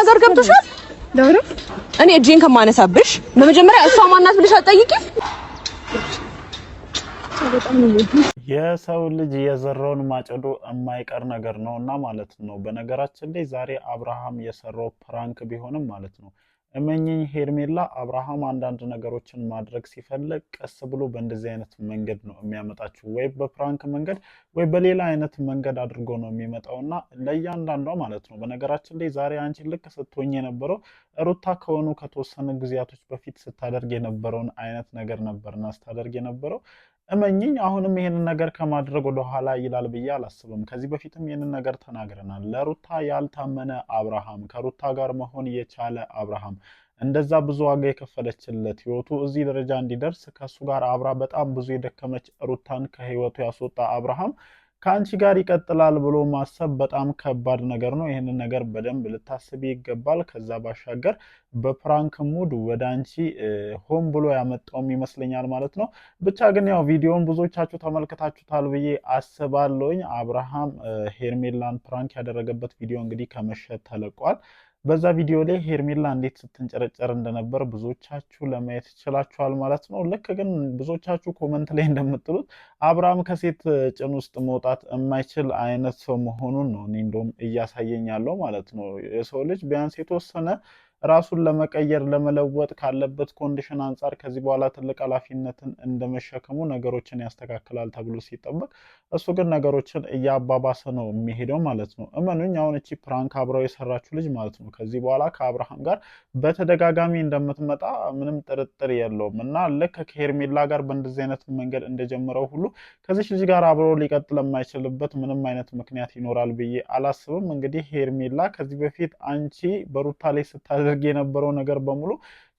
ነገር ገብቶሻል? ዳሩ እኔ እጄን ከማነሳብሽ በመጀመሪያ እሷ ማናት ብለሽ አጠይቂ የሰው ልጅ የዘራውን ማጨዱ የማይቀር ነገር ነው እና ማለት ነው። በነገራችን ላይ ዛሬ አብርሃም የሰራው ፕራንክ ቢሆንም ማለት ነው እመኝኝ ሄርሜላ አብርሃም አንዳንድ ነገሮችን ማድረግ ሲፈልግ ቀስ ብሎ በእንደዚህ አይነት መንገድ ነው የሚያመጣችው፣ ወይ በፕራንክ መንገድ ወይ በሌላ አይነት መንገድ አድርጎ ነው የሚመጣው እና ለእያንዳንዷ ማለት ነው። በነገራችን ላይ ዛሬ አንቺን ልክ ስትሆኝ የነበረው ሩታ ከሆኑ ከተወሰኑ ጊዜያቶች በፊት ስታደርግ የነበረውን አይነት ነገር ነበርና ስታደርግ የነበረው እመኝኝ አሁንም ይህንን ነገር ከማድረግ ወደኋላ ይላል ብዬ አላስብም። ከዚህ በፊትም ይህንን ነገር ተናግረናል። ለሩታ ያልታመነ አብርሃም፣ ከሩታ ጋር መሆን የቻለ አብርሃም እንደዛ ብዙ ዋጋ የከፈለችለት ህይወቱ እዚህ ደረጃ እንዲደርስ ከእሱ ጋር አብራ በጣም ብዙ የደከመች ሩታን ከህይወቱ ያስወጣ አብርሃም ከአንቺ ጋር ይቀጥላል ብሎ ማሰብ በጣም ከባድ ነገር ነው። ይህንን ነገር በደንብ ልታስብ ይገባል። ከዛ ባሻገር በፕራንክ ሙድ ወደ አንቺ ሆን ብሎ ያመጣውም ይመስለኛል ማለት ነው። ብቻ ግን ያው ቪዲዮን ብዙዎቻችሁ ተመልክታችሁታል ብዬ አስባለሁኝ። አብርሃም ሄርሜላን ፕራንክ ያደረገበት ቪዲዮ እንግዲህ ከመሸት ተለቋል። በዛ ቪዲዮ ላይ ሄርሜላ እንዴት ስትንጨረጨር እንደነበር ብዙዎቻችሁ ለማየት ይችላችኋል ማለት ነው። ልክ ግን ብዙዎቻችሁ ኮመንት ላይ እንደምትሉት አብርሃም ከሴት ጭን ውስጥ መውጣት የማይችል አይነት ሰው መሆኑን ነው እኔ እንደውም እያሳየኛለው ማለት ነው። የሰው ልጅ ቢያንስ የተወሰነ ራሱን ለመቀየር ለመለወጥ ካለበት ኮንዲሽን አንጻር ከዚህ በኋላ ትልቅ ኃላፊነትን እንደመሸከሙ ነገሮችን ያስተካክላል ተብሎ ሲጠበቅ እሱ ግን ነገሮችን እያባባሰ ነው የሚሄደው ማለት ነው። እመኑኝ አሁን እቺ ፕራንክ አብረው የሰራችው ልጅ ማለት ነው ከዚህ በኋላ ከአብርሃም ጋር በተደጋጋሚ እንደምትመጣ ምንም ጥርጥር የለውም እና ልክ ከሄርሜላ ጋር በእንደዚህ አይነት መንገድ እንደጀመረው ሁሉ ከዚች ልጅ ጋር አብሮ ሊቀጥል የማይችልበት ምንም አይነት ምክንያት ይኖራል ብዬ አላስብም። እንግዲህ ሄርሜላ ከዚህ በፊት አንቺ በሩታ ላይ ስታደ ሲያደርግ የነበረው ነገር በሙሉ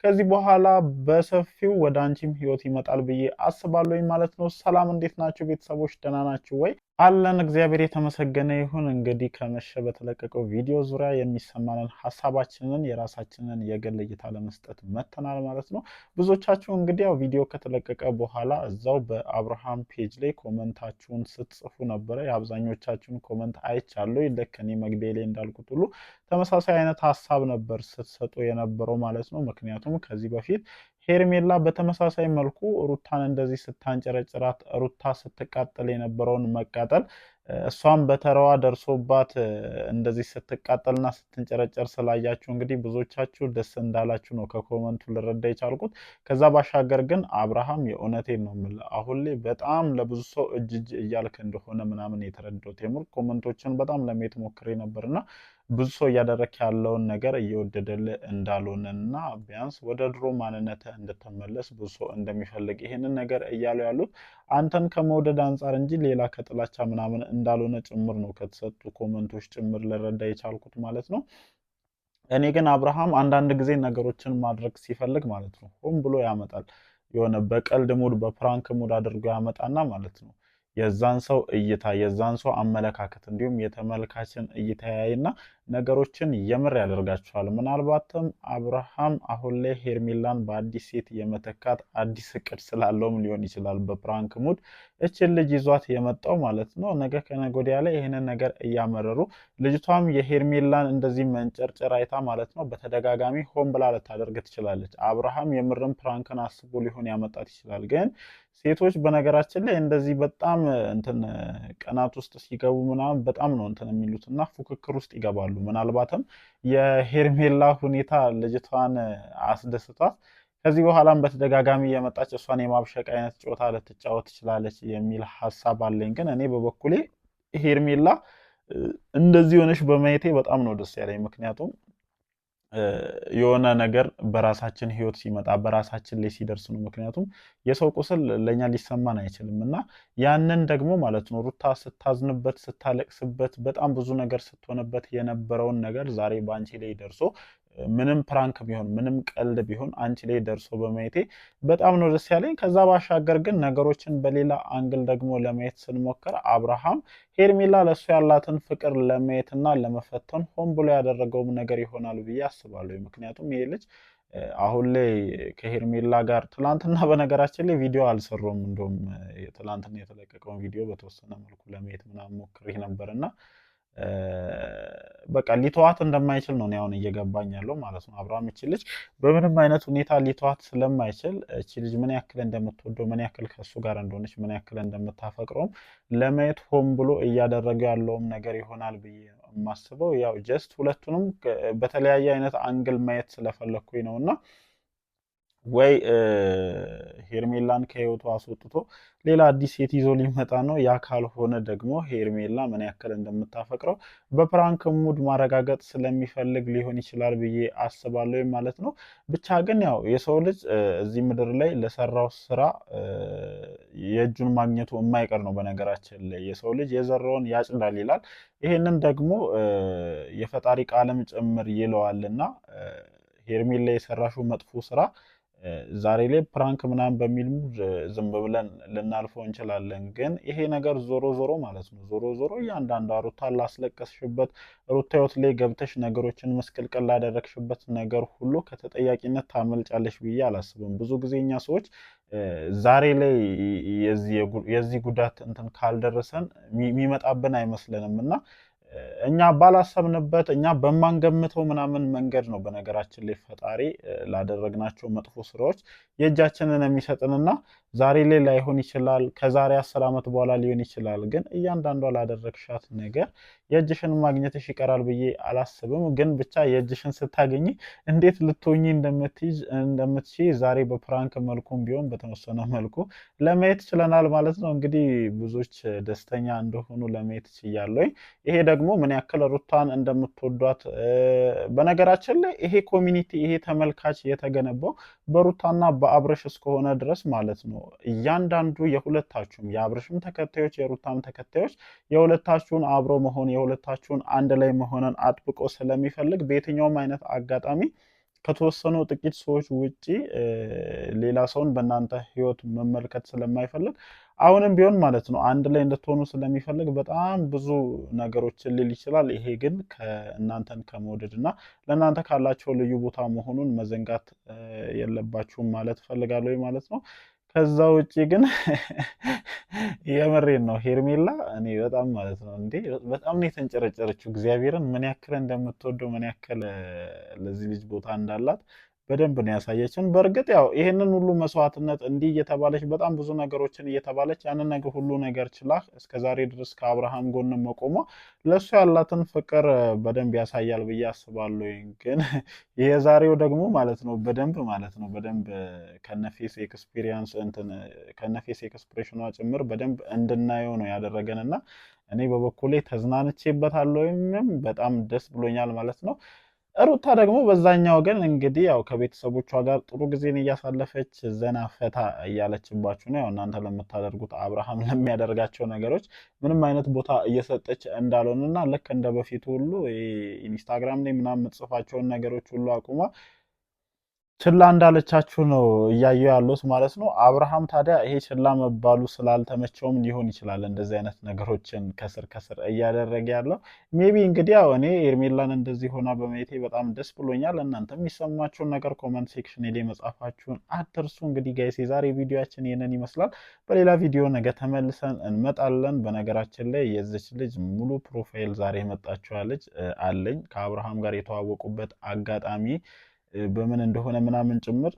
ከዚህ በኋላ በሰፊው ወደ አንቺም ህይወት ይመጣል ብዬ አስባለሁኝ ማለት ነው። ሰላም፣ እንዴት ናቸው ቤተሰቦች? ደህና ናችሁ ወይ? አለን እግዚአብሔር የተመሰገነ ይሁን። እንግዲህ ከመሸ በተለቀቀው ቪዲዮ ዙሪያ የሚሰማንን ሀሳባችንን የራሳችንን የግል እይታ ለመስጠት መተናል ማለት ነው። ብዙዎቻችሁ እንግዲህ ያው ቪዲዮ ከተለቀቀ በኋላ እዛው በአብርሃም ፔጅ ላይ ኮመንታችሁን ስትጽፉ ነበረ። የአብዛኞቻችሁን ኮመንት አይቻለሁ። ልክ እኔ መግቢያ ላይ እንዳልኩት ሁሉ ተመሳሳይ አይነት ሀሳብ ነበር ስትሰጡ የነበረው ማለት ነው። ምክንያቱም አላውቅም ከዚህ በፊት ሄርሜላ በተመሳሳይ መልኩ ሩታን እንደዚህ ስታንጨረጭራት ሩታ ስትቃጠል የነበረውን መቃጠል እሷም በተረዋ ደርሶባት እንደዚህ ስትቃጠልና ስትንጨረጨር ስላያችሁ እንግዲህ ብዙዎቻችሁ ደስ እንዳላችሁ ነው ከኮመንቱ ልረዳ የቻልኩት። ከዛ ባሻገር ግን አብርሃም የእውነቴ ነው የምልህ አሁን ላይ በጣም ለብዙ ሰው እጅ እጅ እያልክ እንደሆነ ምናምን የተረዳሁት የምር ኮመንቶችን በጣም ለመሄድ ሞክሬ ነበርና ብዙ ሰው እያደረክ ያለውን ነገር እየወደደልህ እንዳልሆነና ቢያንስ ወደ ድሮ ማንነትህ እንድትመለስ ብዙ ሰው እንደሚፈልግ ይህንን ነገር እያሉ ያሉት አንተን ከመውደድ አንጻር እንጂ ሌላ ከጥላቻ ምናምን እንዳልሆነ ጭምር ነው ከተሰጡ ኮመንቶች ጭምር ልረዳ የቻልኩት ማለት ነው። እኔ ግን አብርሃም አንዳንድ ጊዜ ነገሮችን ማድረግ ሲፈልግ ማለት ነው ሆን ብሎ ያመጣል። የሆነ በቀልድ ሙድ በፕራንክ ሙድ አድርጎ ያመጣና ማለት ነው የዛን ሰው እይታ የዛን ሰው አመለካከት እንዲሁም የተመልካችን እይታ ያይና ነገሮችን የምር ያደርጋቸዋል። ምናልባትም አብርሃም አሁን ላይ ሄርሜላን በአዲስ ሴት የመተካት አዲስ እቅድ ስላለውም ሊሆን ይችላል። በፕራንክ ሙድ እችን ልጅ ይዟት የመጣው ማለት ነው። ነገ ከነገ ወዲያ ላይ ይህንን ነገር እያመረሩ ልጅቷም የሄርሜላን እንደዚህ መንጨርጨር አይታ ማለት ነው በተደጋጋሚ ሆን ብላ ልታደርግ ትችላለች። አብርሃም የምርም ፕራንክን አስቦ ሊሆን ያመጣት ይችላል። ግን ሴቶች በነገራችን ላይ እንደዚህ በጣም እንትን ቀናት ውስጥ ሲገቡ ምናምን በጣም ነው እንትን የሚሉት እና ፉክክር ውስጥ ይገባሉ። ይሆናሉ። ምናልባትም የሄርሜላ ሁኔታ ልጅቷን አስደስቷት ከዚህ በኋላም በተደጋጋሚ የመጣች እሷን የማብሸቅ አይነት ጨዋታ ልትጫወት ትችላለች የሚል ሀሳብ አለኝ። ግን እኔ በበኩሌ ሄርሜላ እንደዚህ ሆነሽ በማየቴ በጣም ነው ደስ ያለኝ። ምክንያቱም የሆነ ነገር በራሳችን ህይወት ሲመጣ በራሳችን ላይ ሲደርስ ነው። ምክንያቱም የሰው ቁስል ለእኛ ሊሰማን አይችልም እና ያንን ደግሞ ማለት ነው ሩታ ስታዝንበት፣ ስታለቅስበት፣ በጣም ብዙ ነገር ስትሆንበት የነበረውን ነገር ዛሬ በአንቺ ላይ ደርሶ ምንም ፕራንክ ቢሆን ምንም ቀልድ ቢሆን አንቺ ላይ ደርሶ በማየቴ በጣም ነው ደስ ያለኝ። ከዛ ባሻገር ግን ነገሮችን በሌላ አንግል ደግሞ ለማየት ስንሞክር አብርሃም ሄርሜላ ለእሱ ያላትን ፍቅር ለማየትና ለመፈተን ሆን ብሎ ያደረገውም ነገር ይሆናል ብዬ አስባለሁ። ምክንያቱም ይሄ ልጅ አሁን ላይ ከሄርሜላ ጋር ትላንትና በነገራችን ላይ ቪዲዮ አልሰሩም። እንደውም ትላንትና የተለቀቀውን ቪዲዮ በተወሰነ መልኩ ለማየት ምናምን ሞክሬ ነበርና በቃ ሊተዋት እንደማይችል ነው አሁን እየገባኝ ያለው ማለት ነው። አብርሃም እቺ ልጅ በምንም አይነት ሁኔታ ሊተዋት ስለማይችል እቺ ልጅ ምን ያክል እንደምትወደው ምን ያክል ከሱ ጋር እንደሆነች ምን ያክል እንደምታፈቅረውም ለማየት ሆን ብሎ እያደረገ ያለውም ነገር ይሆናል ብዬ የማስበው። ያው ጀስት ሁለቱንም በተለያየ አይነት አንግል ማየት ስለፈለግኩኝ ነው እና ወይ ሄርሜላን ከህይወቱ አስወጥቶ ሌላ አዲስ ሴት ይዞ ሊመጣ ነው። ያ ካልሆነ ደግሞ ሄርሜላ ምን ያክል እንደምታፈቅረው በፕራንክ ሙድ ማረጋገጥ ስለሚፈልግ ሊሆን ይችላል ብዬ አስባለሁ ማለት ነው። ብቻ ግን ያው የሰው ልጅ እዚህ ምድር ላይ ለሰራው ስራ የእጁን ማግኘቱ የማይቀር ነው። በነገራችን ላይ የሰው ልጅ የዘራውን ያጭዳል ይላል። ይሄንን ደግሞ የፈጣሪ ቃለም ጭምር ይለዋልና ሄርሜላ የሰራሽው መጥፎ ስራ ዛሬ ላይ ፕራንክ ምናምን በሚል ሙድ ዝም ብለን ልናልፈው እንችላለን። ግን ይሄ ነገር ዞሮ ዞሮ ማለት ነው ዞሮ ዞሮ እያንዳንዷ ሩታ ላስለቀስሽበት፣ ሩታ ህይወት ላይ ገብተሽ ነገሮችን ምስቅልቅል ላደረግሽበት ነገር ሁሉ ከተጠያቂነት ታመልጫለሽ ብዬ አላስብም። ብዙ ጊዜ እኛ ሰዎች ዛሬ ላይ የዚህ ጉዳት እንትን ካልደረሰን የሚመጣብን አይመስለንም እና እኛ ባላሰብንበት እኛ በማንገምተው ምናምን መንገድ ነው። በነገራችን ላይ ፈጣሪ ላደረግናቸው መጥፎ ስራዎች የእጃችንን የሚሰጥንና ዛሬ ላይ ላይሆን ይችላል፣ ከዛሬ አስር ዓመት በኋላ ሊሆን ይችላል። ግን እያንዳንዷ ላደረግሻት ነገር የእጅሽን ማግኘትሽ ይቀራል ብዬ አላስብም። ግን ብቻ የእጅሽን ስታገኝ እንዴት ልትሆኚ እንደምትይዝ ዛሬ በፕራንክ መልኩም ቢሆን በተወሰነ መልኩ ለማየት ችለናል ማለት ነው። እንግዲህ ብዙዎች ደስተኛ እንደሆኑ ለማየት ችያለኝ። ይሄ ደግሞ ምን ያክል ሩቷን እንደምትወዷት በነገራችን ላይ ይሄ ኮሚኒቲ ይሄ ተመልካች የተገነባው በሩታና በአብረሽ እስከሆነ ድረስ ማለት ነው። እያንዳንዱ የሁለታችሁም የአብረሽም ተከታዮች የሩታም ተከታዮች የሁለታችሁን አብሮ መሆን የሁለታችሁን አንድ ላይ መሆንን አጥብቆ ስለሚፈልግ በየትኛውም አይነት አጋጣሚ ከተወሰኑ ጥቂት ሰዎች ውጪ ሌላ ሰውን በእናንተ ሕይወት መመልከት ስለማይፈልግ አሁንም ቢሆን ማለት ነው አንድ ላይ እንድትሆኑ ስለሚፈልግ በጣም ብዙ ነገሮችን ሊል ይችላል። ይሄ ግን እናንተን ከመውደድ እና ለእናንተ ካላቸው ልዩ ቦታ መሆኑን መዘንጋት የለባችሁም ማለት እፈልጋለሁ ማለት ነው። ከዛ ውጭ ግን የምሬን ነው ሄርሜላ፣ እኔ በጣም ማለት ነው እንዴ በጣም ነው የተንጨረጨረችው እግዚአብሔርን ምን ያክል እንደምትወደው ምን ያክል ለዚህ ልጅ ቦታ እንዳላት በደንብ ነው ያሳየችን። በእርግጥ ያው ይህንን ሁሉ መስዋዕትነት እንዲህ እየተባለች በጣም ብዙ ነገሮችን እየተባለች ያንን ነገር ሁሉ ነገር ችላ ዛሬ ድረስ ከአብርሃም ጎን መቆሟ ለእሱ ያላትን ፍቅር በደንብ ያሳያል ብዬ አስባለሁ። ግን የዛሬው ደግሞ ማለት ነው በደንብ ማለት ነው በደንብ ከነፌስ ኤክስፒሪየንስ እንትን ከነፌስ ኤክስፕሬሽኗ ጭምር በደንብ እንድናየው ነው ያደረገንና እኔ በበኩሌ ተዝናንቼበታለሁም በጣም ደስ ብሎኛል ማለት ነው። ሩታ ደግሞ በዛኛው ግን እንግዲህ ያው ከቤተሰቦቿ ጋር ጥሩ ጊዜን እያሳለፈች ዘና ፈታ እያለችባችሁ ነው። ያው እናንተ ለምታደርጉት አብርሃም ለሚያደርጋቸው ነገሮች ምንም አይነት ቦታ እየሰጠች እንዳልሆነና ልክ እንደ በፊቱ ሁሉ ኢንስታግራም ላይ ምናምን የምትጽፋቸውን ነገሮች ሁሉ አቁማ ችላ እንዳለቻችሁ ነው እያየው ያሉት ማለት ነው። አብርሃም ታዲያ ይሄ ችላ መባሉ ስላልተመቸውም ሊሆን ይችላል እንደዚህ አይነት ነገሮችን ከስር ከስር እያደረገ ያለው ሜቢ እንግዲህ ያው እኔ ኤርሜላን እንደዚህ ሆና በማየቴ በጣም ደስ ብሎኛል። እናንተ የሚሰማችሁን ነገር ኮመንት ሴክሽን ሄደ መጻፋችሁን አትርሱ። እንግዲህ ጋይስ የዛሬ ቪዲዮችን ይህንን ይመስላል። በሌላ ቪዲዮ ነገ ተመልሰን እንመጣለን። በነገራችን ላይ የዚች ልጅ ሙሉ ፕሮፋይል ዛሬ መጣችኋለች ልጅ አለኝ ከአብርሃም ጋር የተዋወቁበት አጋጣሚ በምን እንደሆነ ምናምን ጭምር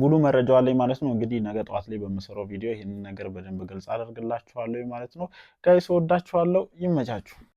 ሙሉ መረጃው አለኝ ማለት ነው። እንግዲህ ነገ ጠዋት ላይ በምሰራው ቪዲዮ ይህንን ነገር በደንብ ግልጽ አደርግላችኋለሁ ማለት ነው። ጋይስ ወዳችኋለሁ። ይመቻችሁ።